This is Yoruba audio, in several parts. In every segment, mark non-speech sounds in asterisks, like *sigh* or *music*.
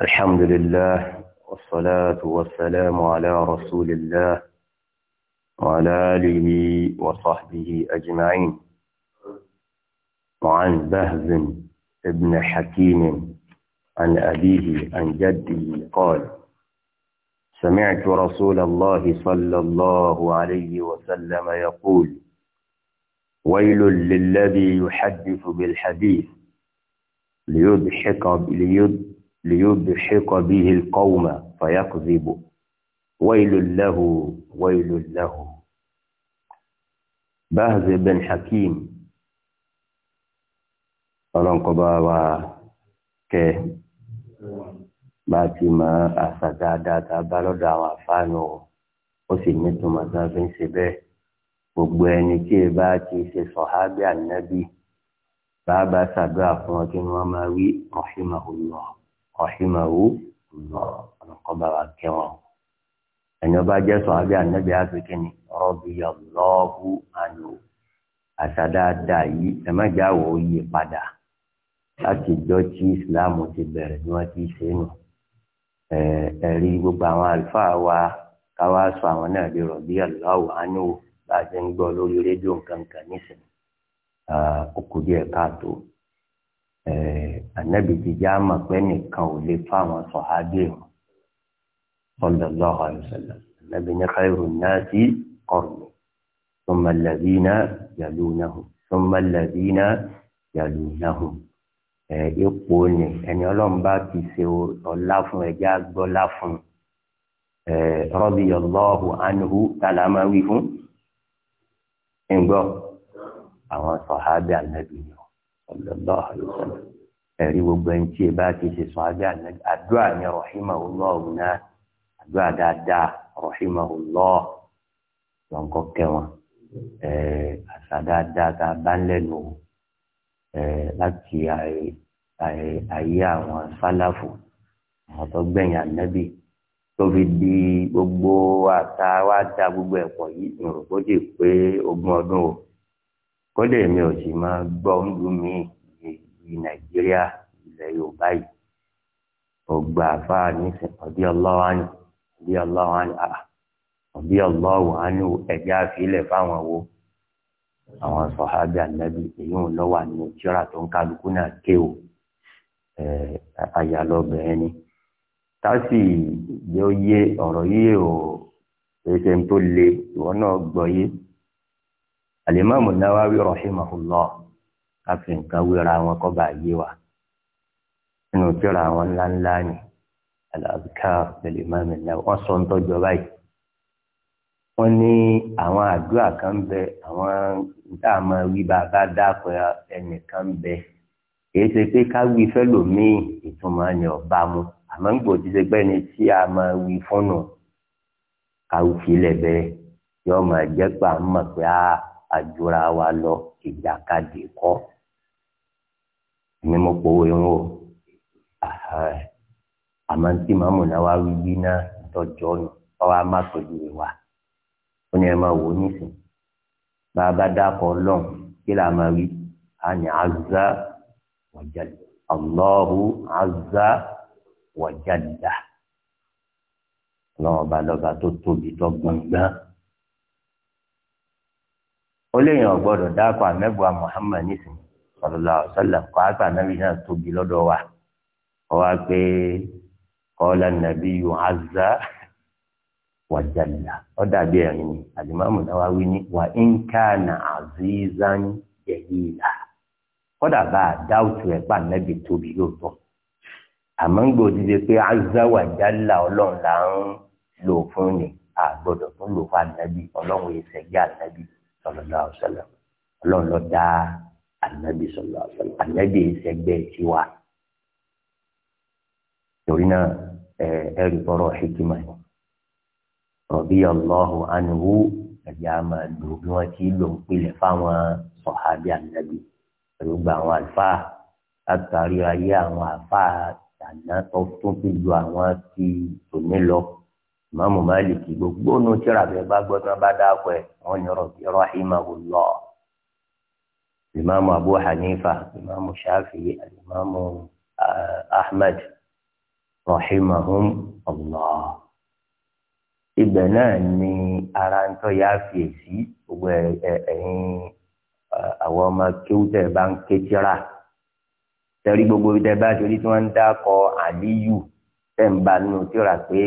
الحمد لله والصلاة والسلام على رسول الله وعلى آله وصحبه أجمعين وعن بهز ابن حكيم عن أبيه عن جده قال سمعت رسول الله صلى الله عليه وسلم يقول ويل للذي يحدث بالحديث ليضحك, ليضحك ليضحك به القوم فيكذب ويل له ويل له بهز بن حكيم ọlọ́nkọba wa kẹ bá ti mọ àṣà dáadáa tá a bá lọ́dọ̀ àwọn àfáànù ó sì ní tòmọ́tà fi ń ṣe bẹ́ẹ̀ gbogbo ẹni tí ẹ bá ti ṣe sọ̀hábíà nábì bá bá ṣàdúrà fún ọ kí wọ́n máa wí ọ̀hìnmáhùn náà rahimahu Allah ọlọ́kọ́ba wa kẹwọn ẹni ọba jẹ́ sọ abẹ́ ànábì áfíríkì ni radiyallahu anhu àṣà dáadáa yìí ẹ má jẹ́ àwọ̀ òye padà láti jọ tí Islam ti bẹ̀rẹ̀ ni wọ́n ti ṣe nù ẹ̀rí gbogbo àwọn àlùfáà wa káwá sọ àwọn náà lè radiyallahu anhu bá a ṣe ń gbọ́ lórí rédíò nǹkan kan nísìnyí ó kù káàtó. Eh, ànábì ti já mọ̀ pé nìkan ò lè fáwọn sọ̀hábì wọn sallallahu alaihi wasallam ànábì ní khairun nasi qarni thumma alladhina yalunahum thumma alladhina yalunahum eh, ipò ni ẹni ọlọ́run bá ti ṣe ọlá fún ẹja gbọ́lá fún eh, radiyallahu anhu tàlà máa wí fún ǹgbọ́ àwọn sọ̀hábì ànábì ni sallallahu alaihi wasallam ẹ̀rí gbogbo ẹni tí ẹ bá ti ṣe sọ abẹ́ àdúrà ní rahimahullah ọ̀nà àdúrà dáadáa rahimahullah lọ́nkọ́ kẹwọn àṣà dáadáa tá a bá ń lẹ́nu láti ayé àwọn sálàfù àwọn tó gbẹ̀yìn ànábì tó fi di gbogbo àtàwádà gbogbo ẹ̀pọ̀ yìí nìrògbòdì pé ogún ọdún o. kọ́dà mi ò sì máa gbọ́ ńlú mi ní nàìjíríà ilẹ̀ yorùbá yìí ọgbà àfáà nísìn ọdí ọlọ́wọ́ àánú ọdí ọlọ́wọ́ àánú àà ẹ̀jẹ̀ àfilẹ̀ fáwọn wo àwọn sọ̀hábì ànábì èyí tó ń kálukú náà ké o yóò yé ọ̀rọ̀ yìí tó le náà gbọ́ alimami nawawi rahimahullah káfí nǹkan wéra wọn kọ́ bá yé wa nínú tíra àwọn ńláńlá ni al alimami nawawi sọ ntọjọ báyìí ní àwọn àdúrà kan bẹ àwọn máa wí bàbá bẹ èyí ṣe pé ká wí ìtumọ̀ ni ọba mu àmọ́ ń gbòdì ṣe pé ni tí a máa wí fọ́nà ká wí filẹ̀ bẹ́ẹ̀ yọ àjùra wa lọ ìjàkadì kọ́ èmi mo pòwó irun o àmọ́ tí màmú náà wá wí bí náà tọjọ́ nù ọwọ́ a má pẹ̀lú ìwà ó ní ẹ máa wò ó nísìn bá a bá dákọ̀ ọlọ́run kí là máa wí a ní azza wàjálù Allahu azza wàjálù dà ọlọ́run ọba lọ́ba tó tóbi tó gbọ̀ngbọ́n ó léèyàn ọ̀gbọ́dọ̀ dáàpọ̀ àmẹ́gbọ̀ọ́ Muhammad nísìnyí sọlọ́lá ọ̀sọ́lá kọ́ àgbà nàbí náà tóbi lọ́dọ̀ wa kọ́ wa pé kọ́lá nàbí yù azza wa jalla ó dàbí ẹ̀rín ni àdìmọ́mù náà wá wí ní wà ń ká na azizan jẹ̀yìlá kọ́dà bá a dáwùtù ẹ̀ pa nàbí tóbi lóòótọ́ àmọ́ ń gbòdì de pé azza wa ọlọ́run là ń lò fún ni àgbọ̀dọ̀ tó lò fún ànábì ọlọ́run ìṣẹ̀gbẹ́ ànábì sọlọ́lá ọ̀sẹ̀lẹ̀ ọlọ́run ló dá ànábì sọlọ́lá ọ̀sẹ̀lẹ̀ ànábì ìṣẹ́gbẹ́ tiwa torí náà ẹ ẹrì bọ́rọ̀ hikima ni rọ̀bí ọlọ́hu anuhu ẹ̀jẹ̀ á máa lò bí wọ́n ti lò ń pilẹ̀ fáwọn sọ̀hábí ànábì pẹ̀lú gba àwọn àlùfáà látàrí ayé àwọn àlùfáà àná tó tún fi lu àwọn ti tòní lọ. ìmáàmù máàlìkì gbogbo ònú tíra bẹ́ẹ̀ bá gbọ́ tí wọ́n bá dáko ẹ̀ wọ́n ní rahimahullah ìmáàmù abu hanifa ìmáàmù ah, ahmed rahimahum allah ibẹ̀ náà ni ara ń tọ́ ya fèsì gbogbo ẹ̀yìn ah, àwọn ọmọ kéwútẹ̀ bá ń ké tíra gbogbo ìtẹ̀ torí tí wọ́n ẹ̀ ń bá nínú tíra pé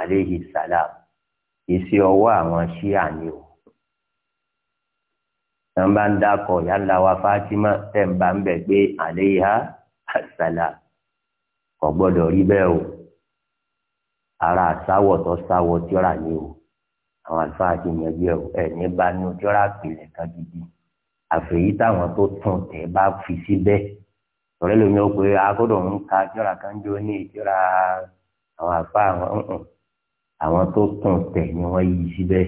àléhi salam ìṣe ọwọ́ àwọn ṣíà ni o ẹ̀ ń bá ń dákọ̀ yálà wa Fatima ẹ̀ ń bá pé àléha salam kò gbọ́dọ̀ rí bẹ́ẹ̀ o ara àsáwọ̀ tó sáwọ̀ tíra ni o àwọn àlùfáà ti yanjú ẹ o ẹ ní bá ní ojú ọ̀rá pèlè kan gidi àfẹ̀yí táwọn tó tún tẹ̀ bá fi síbẹ̀ ọ̀rẹ́ lómi ó akọ́dọ̀ ń ka tíra kan jó ní ìtura àwọn àfa àwọn nǹkan àwọn tó kùn tẹ̀ ni wọ́n yí síbẹ̀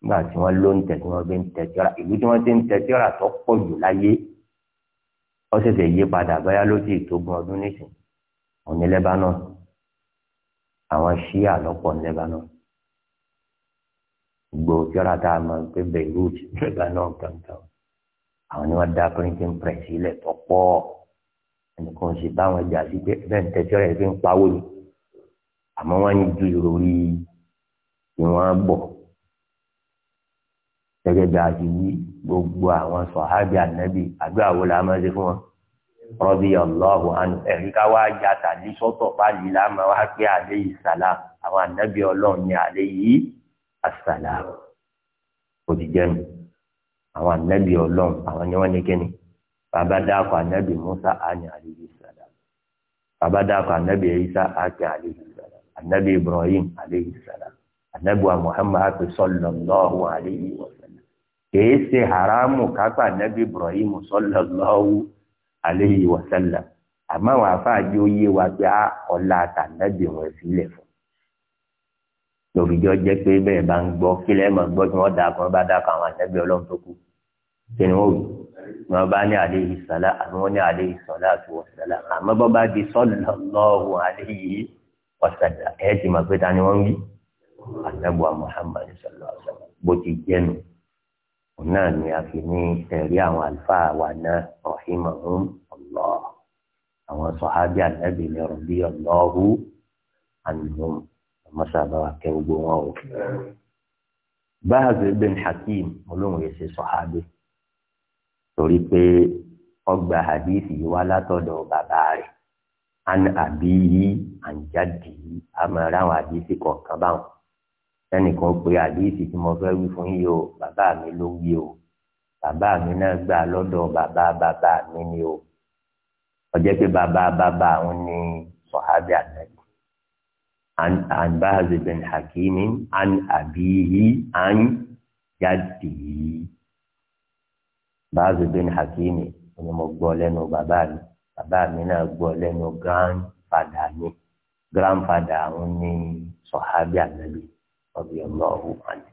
nígbà tí wọ́n ló ń tẹ̀ tí wọ́n fi ń tẹ̀ tíọ́ra ìlú tí wọ́n ti ń tẹ̀ tíọ́ra tó pọ̀ jù láyé ó ṣẹ̀ṣẹ̀ yí padà báyá ló ti tógun ọdún nísìn òun ní Lebanon àwọn ṣíà lọ́pọ̀ ní Lebanon gbogbo tíọ́ra tá a mọ̀ pé Beirut *laughs* Lebanon kankan àwọn ni wọ́n dá printing press ilẹ̀ tó pọ̀ ẹnìkan sì báwọn jà sí pé bẹ́ẹ̀ ń tẹ̀ tíọ́ra yìí fi ń pawó yìí àmọ́ wọ́n ń ju ìròrí ìwọ̀n bọ̀ gẹ́gẹ́ bí a ti wí gbogbo àwọn sọ̀hábì ànábì àdúrà wo la máa ṣe fún wọn radiyallahu anhu ẹ̀rí ká wá ya tàbí sọ́tọ̀ pálí la máa wá pé alayhi salam àwọn ànábì ọlọ́run ní alayhi assalam òdìjẹ́nu àwọn ànábì ọlọ́run àwọn ni wọ́n ní kíni bàbá dáàkọ̀ ànábì Musa àní alayhi salam bàbá dáàkọ̀ ànábì Isa àti alayhi anabi ibrahim aleyhi salam anabi wa muhammad sallallahu aleyhi wa sallam kìí ṣe haramu kápá anabi ibrahim sallallahu aleyhi wa sallam àmọ́ àwọn afáàjì oyé wa pé a ah, ọlá àtànàbì wọn sílẹ̀ fún lòfìjọ jẹ́ pé bẹ́ẹ̀ bá ń gbọ́ kí lẹ́ẹ̀ mọ̀ gbọ́ tí wọ́n da kan bá da kan àwọn àtẹ́bí ọlọ́run tó kù kí ni wọ́n wù wọn bá ní alayhi salam àwọn ní alayhi salatu wa salam àmọ́ bọ́ bá di sallallahu alayhi ọ̀sàdà ẹ̀ ti mọ̀ pé ta ni wọ́n ń wí anabuwa muhammad sallallahu alaihi wa sallam bó ti jẹ́nu òun náà ni a fi ní ẹ̀rí àwọn àlùfáà wa náà rahimahum allah àwọn sọ̀hábí ànábì ní rọ̀bí ọlọ́hu ànàhùn ọmọṣàbà kẹ gbogbo wọn o. báàzù ibn hakim olóhùn yìí ṣe sọ̀hábí torí pé ọgbà hadith yìí wá látọ̀dọ̀ bàbá rẹ̀ an àbí yí an jáde yí àmọ́ ráwọn àdìsí kọ̀ọ̀kan báwọn ẹnìkan pé àdìsí tí mo fẹ́ wí fún yìí o bàbá mi ló wí o bàbá mi náà gbà lọ́dọ̀ bàbá bàbá mi ni o ọjọ́ pé bàbá bàbá àwọn ni sọ̀hábì ànábì an bin hakimi an àbí yí an jáde yí báhàzì bin hakimi ni mo gbọ́ lẹ́nu bàbá mi bàbá mi náà gbọ́ lẹ́nu grandfada mi grandfada àwọn ní sọ̀hábí ànábì ọ̀bí ọlọ́ọ̀hún àná.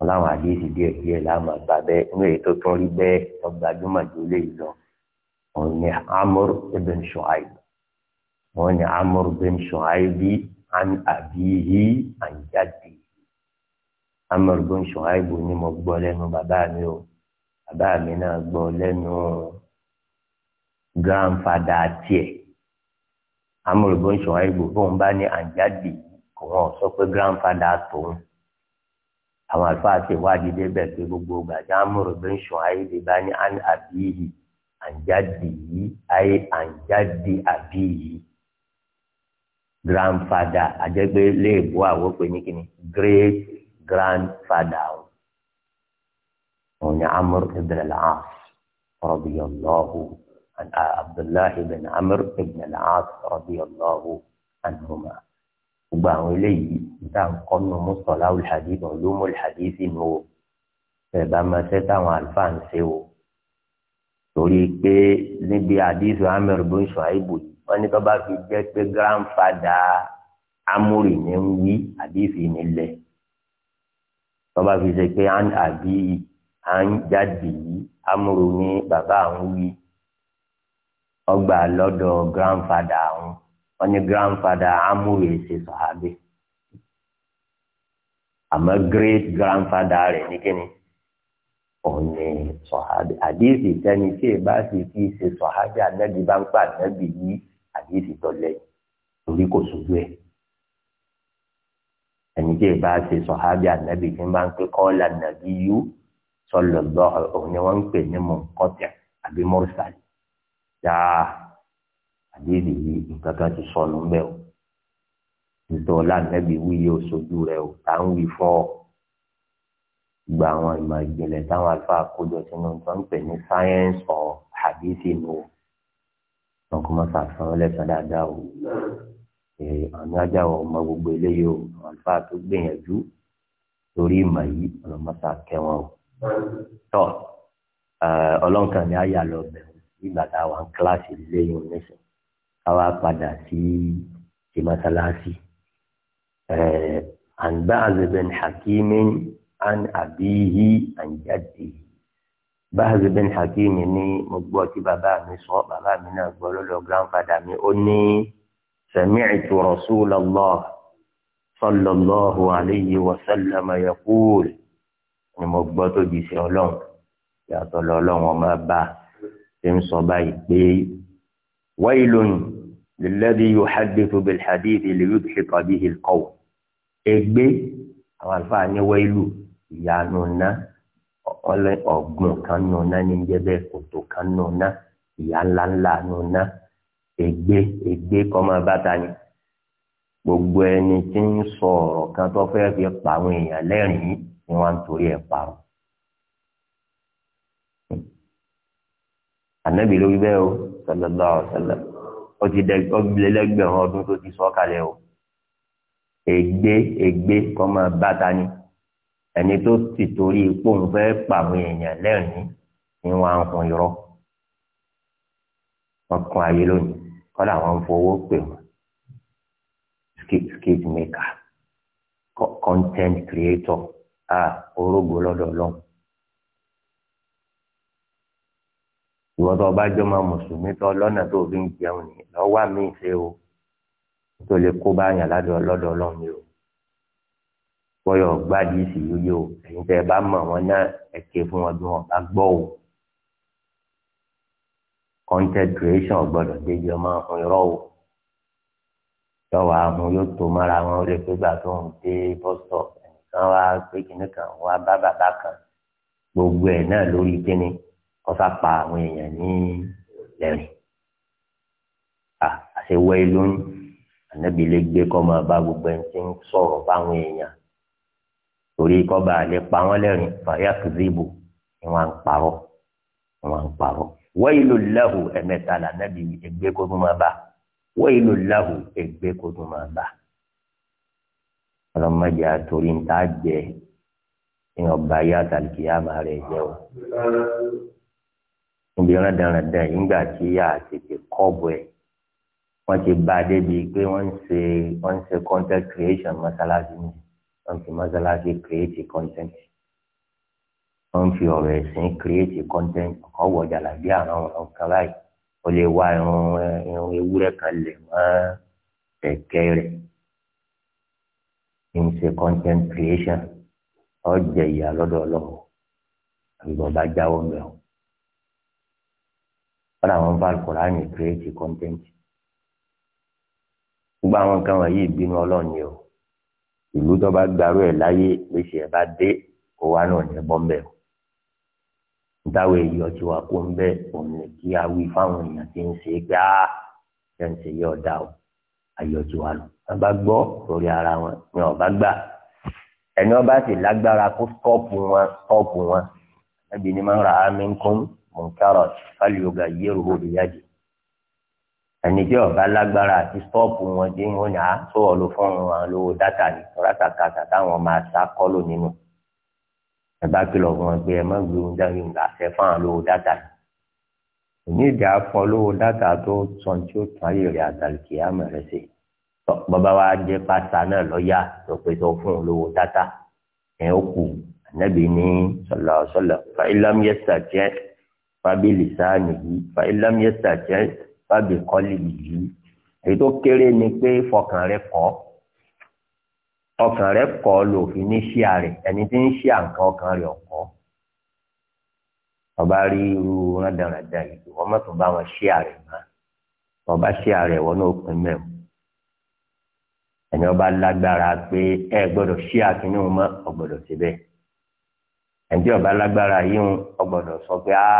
ọláwọn àdéhìí díẹ̀ díẹ̀ láàmú àgbà bẹ́ẹ̀ inú èyí tó tún rí bẹ́ẹ̀ ọgbàdúmọ̀ tó lè lọ òun ni amúr ibn shu'aib òun ni amúr ibn shu'aib an àbíyí an jaddi amúr ibn shu'aib ni mo gbọ́ lẹ́nu bàbá mi o bàbá mi náà gbọ́ lẹ́nu grandfather tiẹ̀ amúlùbọ ìṣòwò ìgbò fóun bá ní àjáde òun sọ pé grandfada tòun àwọn àlùfáà ṣe wádìí débẹ̀ pé gbogbo gbàdá amúlùbọ ìṣòwò ìgbò bá ní àbíyì àjáde yìí ayé àjáde àbíyì grandfada àjẹgbé léèbó àwọn pè ní kíni great grandfather òun ni amúlùbọ ìṣòwò ìgbò radiyallahu. عبد الله بن عمرو بن العاص رضي الله عنهما gbogbo àwọn eléyìí tá n kọ́ nù mùsọ̀lá olùhàdìsì olómù olùhàdìsì nù o ẹ̀bá máa ṣe táwọn àlùfáà ń ṣe o torí pé níbi àdìsù amẹ́rù bó ń sọ àìbò yìí wọ́n ní tó bá fi jẹ́ pé grandfada amúrì ní ń wí àdìsù nílẹ̀ tó fi ṣe pé àbí àjáde yìí amúrù ní bàbá àwọn wí ọgbà lọ́dọ̀ grandfada àwọn wọn ní grandfada amúre ṣe sàhábì àmọ́ great grandfather rẹ̀ ní kíni òun ní sàhábì àdéhìsì sẹ́ni tí ì bá sì kí ṣe sàhábì ànábì bá ń pa ànábì yìí àdéhìsì tọ́lẹ̀ torí kò sójú ẹ̀ ẹni tí ì bá ṣe sàhábì ànábì tí ń bá ń pẹ́ kọ́ọ́lá nàbí yú sọlọ́lọ́ òun ni wọ́n ń pè ní mọ̀ńkọ́tẹ̀ àbí mọ́rúsàlì yáa àdéhùn yìí nǹkan kan ti sọnù ń bẹ o nítorí lánàbí wí yóò sojú rẹ o tá ń wí fọ gba àwọn ìmọ̀ ìjìnlẹ̀ táwọn àlùfáà àkójọ sínú tó ń pè ní science of hadith nù wọn kò mọ sàfihàn lẹ́sàn dáadáa o àmì ajáwọ̀ ọmọ gbogbo eléyìí o àwọn àlùfáà tó gbìyànjú lórí ìmọ̀ yìí ọ̀nà mọ́ta kẹwọn o tọ́ ọlọ́nkàn ni a yà lọ bẹ̀rù ìgbà tá a wà ń kíláàsì lẹ́yìn oníṣẹ́ káwá padà sí ti mọ́sálásí. عن بعض بن حكيم عن أبيه عن جده báàzì bin hakimi ní mo gbọ́ tí bàbá mi sọ bàbá mi náà gbọ́ lọ́dọ̀ grandfather mi ó ní sami'tu rasulallah sallallahu alayhi wa sallam yaqul ni mo gbọ́ tó di sí ọlọ́run yàtọ̀ lọ́lọ́run ọmọ bá ṣe ń sọ báyìí pé wailun lilladhi yuhaddithu bil hadithi li yudhhiqa bihi al-qawm ègbé àwọn àlùfáà ní wailu ìyanu ná ọlẹ ọgbọn kan nù ná ní jẹbẹ kòtò kan nù ná ìyá ńláńlá kọ́mọ bàtà ni gbogbo ẹni tí ń sọ ọ̀rọ̀ kan tó fẹ́ fi pa àwọn èèyàn lẹ́rìn-ín ni wọ́n ń torí ẹ̀ parọ́ ànábì ló wí bẹ́ẹ̀ o sallallahu alaihi wasallam ó ti dẹ ọgbẹ̀lẹ́gbẹ̀rún ọdún tó ti sọ kalẹ̀ o ègbé ègbé kọ́ máa bá ta ni ẹni tó ti torí ipò ń fẹ́ pàwọn èèyàn lẹ́rìn-ín ni wọ́n á ń hun irọ́ wọ́n ayé lónìí kọ́lá wọn ń fowó pè wọ́n skit maker content creator ah orógbó lọ́dọ̀ ọlọ́run ìwọ́n tó bá jọ́ máa mùsùlùmí tó lọ́nà tó fi ń jẹun ní lọ́wọ́ àmì ìṣe o tó lè kó bá yàn ládọ̀ lọ́dọ̀ ọlọ́run ni o bọ́yọ̀ gbádìí sì yóyó o ẹ̀yin tẹ́ ẹ bá mọ̀ wọn náà ẹ ké fún wọn bí wọn bá gbọ́ o content creation gbọ́dọ̀ débi ọmọ ọ̀hún irọ́ o lọ́wọ́ àwọn yóò tó mọ́ra wọn ó lè pé gbà tó ń dé bọ́sọ̀ ẹnìkan wá pé kìnnìkan wá bá bàbá kan gbogbo ẹ̀ náà lórí kíni kọ́sá pa àwọn èèyàn ní lẹ́rìn àṣewọ́ ìlú ànábì lè gbé kọ́ máa bá gbogbo ẹni tí ń sọ̀rọ̀ báwọn èèyàn torí kọ́ba lè pa wọ́n lẹ́rìn fàyà kìzìbù ni wọ́n ń parọ́ ni wọ́n ń parọ́ wáyìlú lahu ẹ̀mẹ́ta lànàbì ègbé kó tún máa bá wáyìlú lahu ègbé kó tún máa bá ọlọ́mọdé àtòrí ń tá a jẹ ní ọba yá àtàlùkìyàmà rẹ̀ jẹ́ o obìnrin dandan nígbà tí yà á tètè kọ́ọ̀bù ẹ̀ wọ́n ti bá a débi pé wọ́n ń ṣe wọ́n ń ṣe content creation mọ́sálásí ni wọ́n fi mọ́sálásí create content wọ́n fi ọ̀rọ̀ ẹ̀sìn create content ọ̀wọ̀ jàlàbí àrùn ọ̀rọ̀ kan báyìí ó lè wá irun irun ewúrẹ́ kan lè mọ́ ẹ̀kẹ́ rẹ̀ ń ṣe content creation ọ̀jẹ̀ ìyá lọ́dọ̀ ọlọ́run àbí bàbá jáwọ́ mẹ́wọ́ wọn àwọn bá alukoran ní kọ́ńtẹ́ǹtì gbogbo àwọn nǹkan wọ̀nyí ìbínú ọlọ́run ni o ìlú tó bá gbàrú ẹ̀ láyé gbèsè ẹ̀ bá dé kó wa náà ní bọ́ mbẹ́ o dáwọ èyí ọtí wa kó mbẹ́ òun ní kí a wí fáwọn èèyàn tí ń ṣe é pé áá ṣe ń ṣe yé ọ̀dà o ayé ọtí wa lọ wọn bá gbọ́ lórí ara wọn ni wọn bá gbà ẹni wọn bá sì lágbára kó stọ́ọ̀pù wọn stọ́ọ̀pù wọn ẹbí ni máa ń ra àmì mọ̀nkárọ̀ fálíọ̀gà yẹ́rù bìyàjì ẹni tí ọba lágbára àti stọọpù wọn dé wọn ní àásọwọ ló fún wọn lówó dátà ní rákàkàtà táwọn máa sá kọlù nínú ẹ bá kìlọ̀ fún wọn pé ẹ má gbé ohun dáhùn ìhùn àṣẹ fún àwọn lówó dátà ní onídìí afọ lówó dáta tó sàn tí ó tún ayé rẹ àtàlùkì àmọ bàbá wa jẹ pàṣà náà lọ́yà tó pé tó fún un lówó dáta ẹ̀ ó kù ànábì ní sọlọ sọlọ fa yẹsà jẹ fábílì sáàni yìí fàílámíẹ́sà jẹ́ fábì kọ́lì yìí èyí tó kéré ni pé fọkàn rẹ kọ́ ọkàn rẹ kọ́ lòfin ní ṣíà rẹ ẹni tí ń ṣíà nǹkan ọkàn rẹ ọ̀kọ́ ọba rí irú rádaràda yìí wọ́n má tún bá wọn ṣíà rẹ mọ́ ọba ṣíà rẹ wọn náà pín mẹ́wọ́ ẹni ọba lágbára pé ẹ gbọ́dọ̀ ṣíà kínní wọn mọ́ ọ gbọ́dọ̀ ẹni tí ọba lágbára yìí ń ọ sọ pé á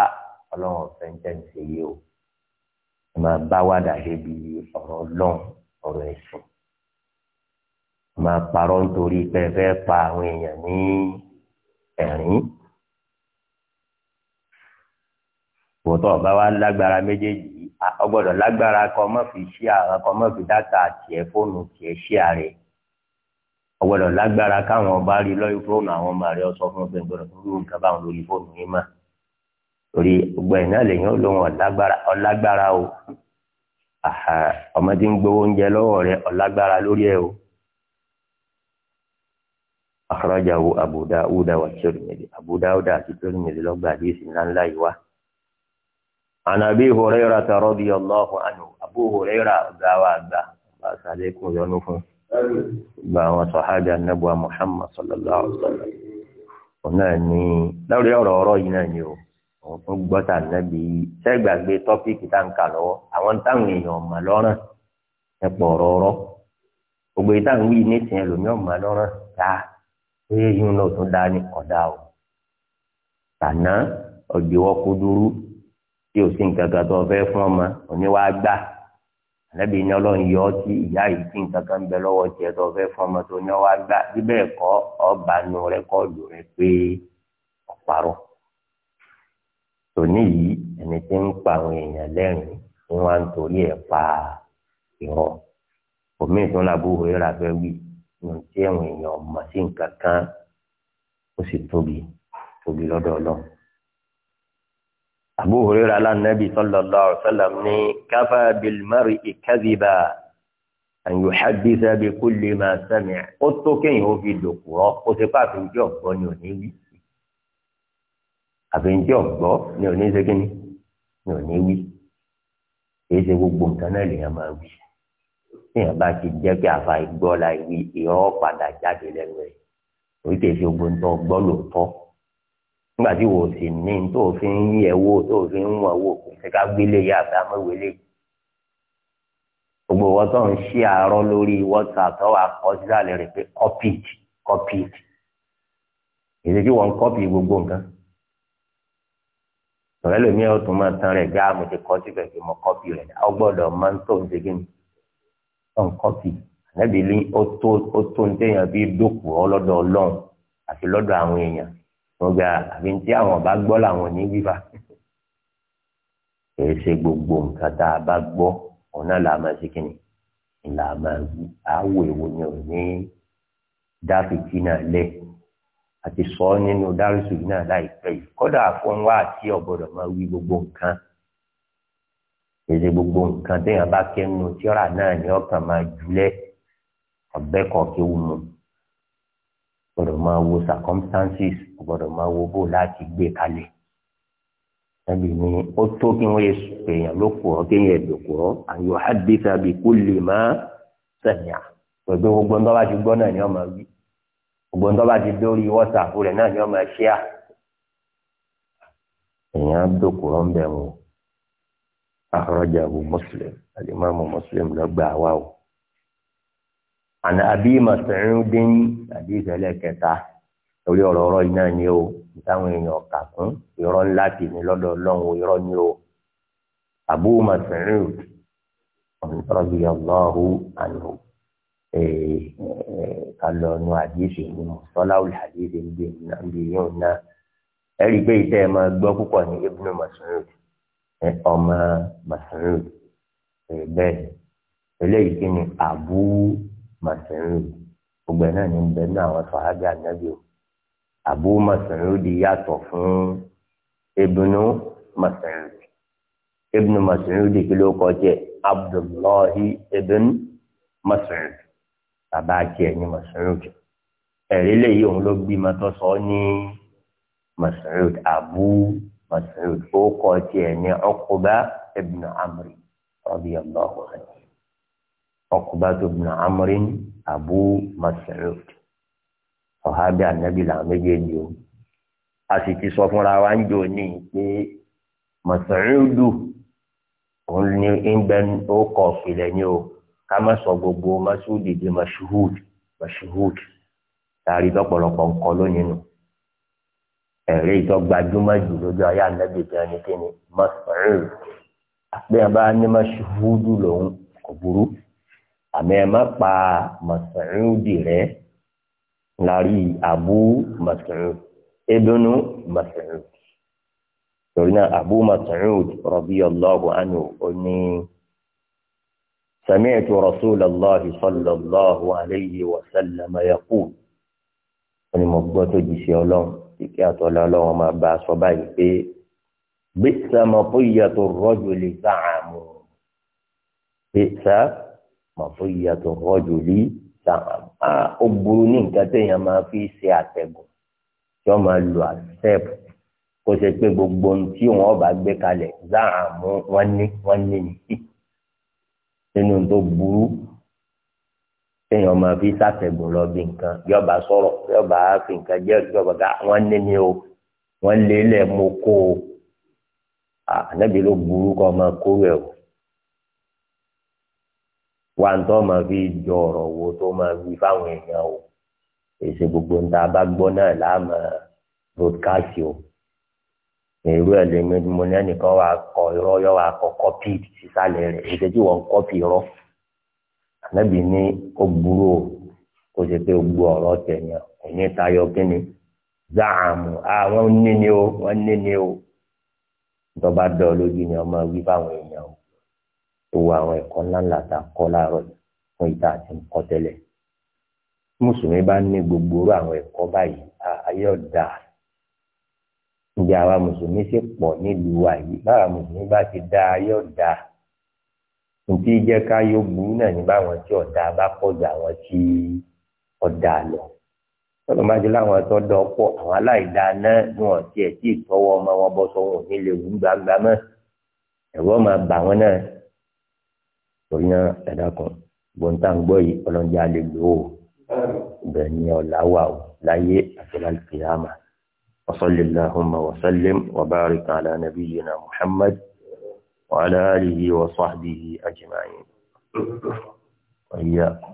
ọlọ́run ọ̀fẹ́ ń tẹ̀sí yìí o ẹ máa bá wàdà débi ọ̀rọ̀ ọlọ́run ọ̀rọ̀ ẹ̀sìn ẹ máa parọ́ nítorí pé ẹ fẹ́ pa àwọn èèyàn ní ẹ̀rín wòtọ́ ọba wa lágbára méjèèjì ọgbọ́dọ̀ lágbára kọ́ mọ́ fi ṣí àrà kọ́ mọ́ fi dáta tiẹ̀ fóònù tiẹ̀ ṣí àrẹ ọgbọ́dọ̀ lágbára káwọn ọba rí lórí fóònù àwọn ọmọ rẹ ọsọ fún ọgbẹ́ gbọ́dọ̀ tó rú nǹkan báwọn lórí fóònù yìí mọ́ torí gbogbo ẹ̀ náà lèyìn olóhùn ọ̀lágbára o ọmọdé ń gbowó oúnjẹ lọ́wọ́ rẹ̀ ọ̀lágbára lórí ẹ̀ o. akhrajahu Abu Dawud wa Tirmidhi Abu Dawud àti Tirmidhi lọ́gbà àdéhìsì ńláńlá yìí wá. àná Abi Hurairah radiyallahu anhu Abu Hurairah ọ̀gá wa àgbà bá a sáré kún yọnu fún gba àwọn sọ̀hájà nàbùwà Muhammad sallallahu alaihi wasallam. òun náà ní lórí ọ̀rọ̀ ọ̀rọ̀ yìí náà ni o. àwọn tó gbọ́ tà nẹ́bi sẹ́gbàgbé tọ́píìkì tá à ń kà lọ́wọ́ àwọn táwọn èèyàn ọ̀mà lọ́rùn ẹ pọ̀ rọ́rọ́ gbogbo ìta ń wí nísìnyí ẹlòmíràn ọ̀mà lọ́rùn ta oyè yìí náà tún dá ní ọ̀dà o tànà o sì ń kankan tó fẹ́ fún ọmọ òní wàá gbà ní ọlọ́run yọ sí ìyá yìí tí ń bẹ lọ́wọ́ tiẹ̀ tó fẹ́ fún ọmọ tó ní wàá gbà bíbẹ̀ tòní yìí ẹni tí ń pa àwọn èèyàn lẹ́rìn ni wọ́n á ń torí ẹ̀ pa ìrọ̀ òmíì tó ń labú òrera fẹ́ wí ní tí àwọn èèyàn mọ̀ sí nǹkan kan ó sì tóbi tóbi lọ́dọ̀ ọlọ́run. Abu Hurairah alánàbì sallallahu alaihi wasallam ní kafa bil mar'i kadhiba an yuhaddisa bi kulli ma sami'a ó tó kéèyàn ó fi dòkúrọ́ ó ti pàtó ìjọ ọ̀gbọ́n ni ò ní wí àfẹnjẹ ọgbọ ni ò ní ṣe kí ni ni ò ní wí kì í ṣe gbogbo nǹkan náà lèèyàn máa wí téèyàn bá ti jẹ́ pé àfa ìgbọ́ la wí ìhọ́ padà jáde lẹ́nu ẹ̀ òyì kì í ṣe gbogbo nǹkan ọgbọ́ lóòótọ́ nígbà tí wò ó sì ní tó fi ń yẹ wò tó fi ń wọ̀ wò kò sí ká gbélé yá àbí amọ̀wélé gbogbo wọn tó ń ṣí àárọ̀ lórí WhatsApp tó wà kọ́ sílẹ̀ rẹ̀ pé copy it copy it èdè tí wọ́n copy gbogbo nǹkan sọ̀rọ̀ lómi ẹ̀ tún máa tan rẹ̀ gá mo ti kọ́ síbẹ̀ pé mo kọ́pì rẹ̀ ọ gbọ́dọ̀ máa ń tó ń ṣe kíni ọ̀ ń kọ́pì ànábì ní ó tó ó tó ń téèyàn bí dòkù ọlọ́dọ̀ ọlọ́run àti lọ́dọ̀ àwọn èèyàn mo gba àbí tí àwọn bá gbọ́ làwọn ní wíwá kìí ṣe gbogbo nǹkan tá a bá gbọ́ òun náà là máa ṣe kíni ìlà máa wí àwọ̀ èwo ní dáfìtì náà lẹ́ẹ̀ àti sọ ọ́ nínú dárúsù náà láìpẹ́ yìí kódà fún wa àti ọ̀gbọ́dọ̀ máa wí gbogbo nǹkan èdè gbogbo nǹkan téèyàn bá kẹ́nu tíọ́rà náà ni ọkàn máa jùlẹ̀ ọ̀bẹ kọ̀ọ̀kẹ́ wù mú gbọ́dọ̀ máa wo circumstances gbọ́dọ̀ máa wo bó láti gbé kalẹ̀ tàbí ni ó tó kí wọ́n yẹ èèyàn ló kù ọ́ kéèyàn ẹ̀dùn kù ọ́ àyò hadith àbí kulli ma sami'a pẹ̀lú gbogbo ń bá gbọ́ náà ni wọ́n máa wí gbogbo ń tọ́ba ti dórí wọ́sàpù rẹ̀ náà ni ọmọ ẹ ṣíà èèyàn dòkòrò ń bẹ̀ wọ́n akhrajahu Muslim alimami Muslim ló gbà wá o àná àbí Mas'udin àbí ìfẹ́lẹ́ kẹta lórí ọ̀rọ̀ ọ̀rọ̀ iná ni o táwọn èèyàn kà kún irọ́ ńlá tì ní lọ́dọ̀ ọlọ́run irọ́ ni o Abu Mas'ud radiyallahu anhu. ká lọ nu àdéhùn ní mùsọ́láwùl àdéhùn níbi na yóò ná ẹ rí i pé ìtẹ́ ẹ máa gbọ́ púpọ̀ ní ibnu Mas'ud ọmọ Mas'ud bẹ́ẹ̀ eléyìí kí ni Abu Mas'ud gbogbo náà ní bẹ́ẹ̀ ní àwọn o yàtọ̀ fún kí bàbá tiẹ̀ ní Mas'ud ẹ̀rí léyìí òun ló gbí mọ́tò sọ ní Mas'ud Abu Mas'ud ó kọ́ tiẹ̀ ní Uqba ibn Amr radiyallahu anhu Uqba ibn Amr Abu Mas'ud ọ̀hábẹ́ ànábì làwọn méjèèjì o a sì ti sọ fúnra wa ń jò ní pé Mas'udu òun ní ń bẹ ó kọ̀ ọ̀pìlẹ̀ ní o ká má sọ gbogbo masudi di mashuhud mashuhud tààrí lọ́pọ̀lọpọ̀ nǹkan lónìí nù ẹ̀rí ìtọ́gbàdúmọ̀ jù lójú ayé ànábì gan ni kí ni mas'ud àpé ẹ bá ní mashuhudu lòun kò burú àmì ẹ má pa mas'udi rẹ lárí abu mas'ud ebínú mas'ud torí náà abu mas'ud radiyallahu anhu ó ní. سمعت رسول الله صلى الله عليه وسلم يقول أنا مبغوط جيسي الله إكيات الله ما بأس بي بئس مطية الرجل زعمه بئس مطية الرجل زعم ó burú ní nǹkan téèyàn máa fi ṣe àtẹ̀gùn tí wọ́n máa lo accept kó ṣe pé gbogbo ohun tí wọ́n bá gbé kalẹ̀ záàmù wọ́n ní wọ́n ní nìyí nínú tó burú téèyàn máa fi sàtẹ̀gùn lọ bí nǹkan bí ọba sọ̀rọ̀ bí ọba fi nǹkan jẹ́ bí ọba ká wọ́n ní mi o wọ́n lé lẹ̀ mo kó o ànábì ló burú kọ́ máa kó o wà ń tọ́ máa fi jọ ọ̀rọ̀ wo tó máa wí fáwọn èèyàn o èsì gbogbo ń ta bá gbọ́ náà láàmú broadcast o. èrú ẹ̀ lè mo ní ẹnìkan wà kọ irọ́ yọ wà kọ kọ́pì sísàlẹ̀ rẹ̀ èdè tí wọ́n kọ́pì irọ́ ànábì ní ó burú o kó ṣe pé ọ̀rọ̀ tẹ̀yàn tayọ kínni záàmù àwọn níní o wọ́n níní o ìjọba dọ̀ lójú ni ọmọ wí èèyàn o tó wọ àwọn ẹ̀kọ́ ta kọ́ láàárọ̀ fún bá ní gbogbo orú àwọn ẹ̀kọ́ báyìí ayé ọ̀dà ǹjẹ́ àwa mùsùlùmí sì pọ̀ nílùú wa yìí báwa mùsùlùmí bá ti dá ayọ̀ dá ntí jẹ́ ká yóò burú náà ní báwọn tí ọ̀dà bá pọ̀ jù àwọn tí ọ̀dà lọ tọ́lọ̀ máa jẹ́ láwọn tó dán pọ̀ àwọn aláìda náà ní wọ́n tiẹ̀ tí ìtọ́wọ́ ọmọ wọn bọ́ sọ́wọ́n ò ní lè wú gbangba mọ́ ẹ̀rọ máa bà wọ́n náà torí náà ẹ̀dá kan gbọ̀ntà yìí ọlọ́njẹ́ alẹ́ lò bẹ́ẹ̀ ni ọ̀làwà láyé àti lálùkìyàmà. وصل اللهم وسلم وبارك على نبينا محمد وعلى آله وصحبه أجمعين وإياكم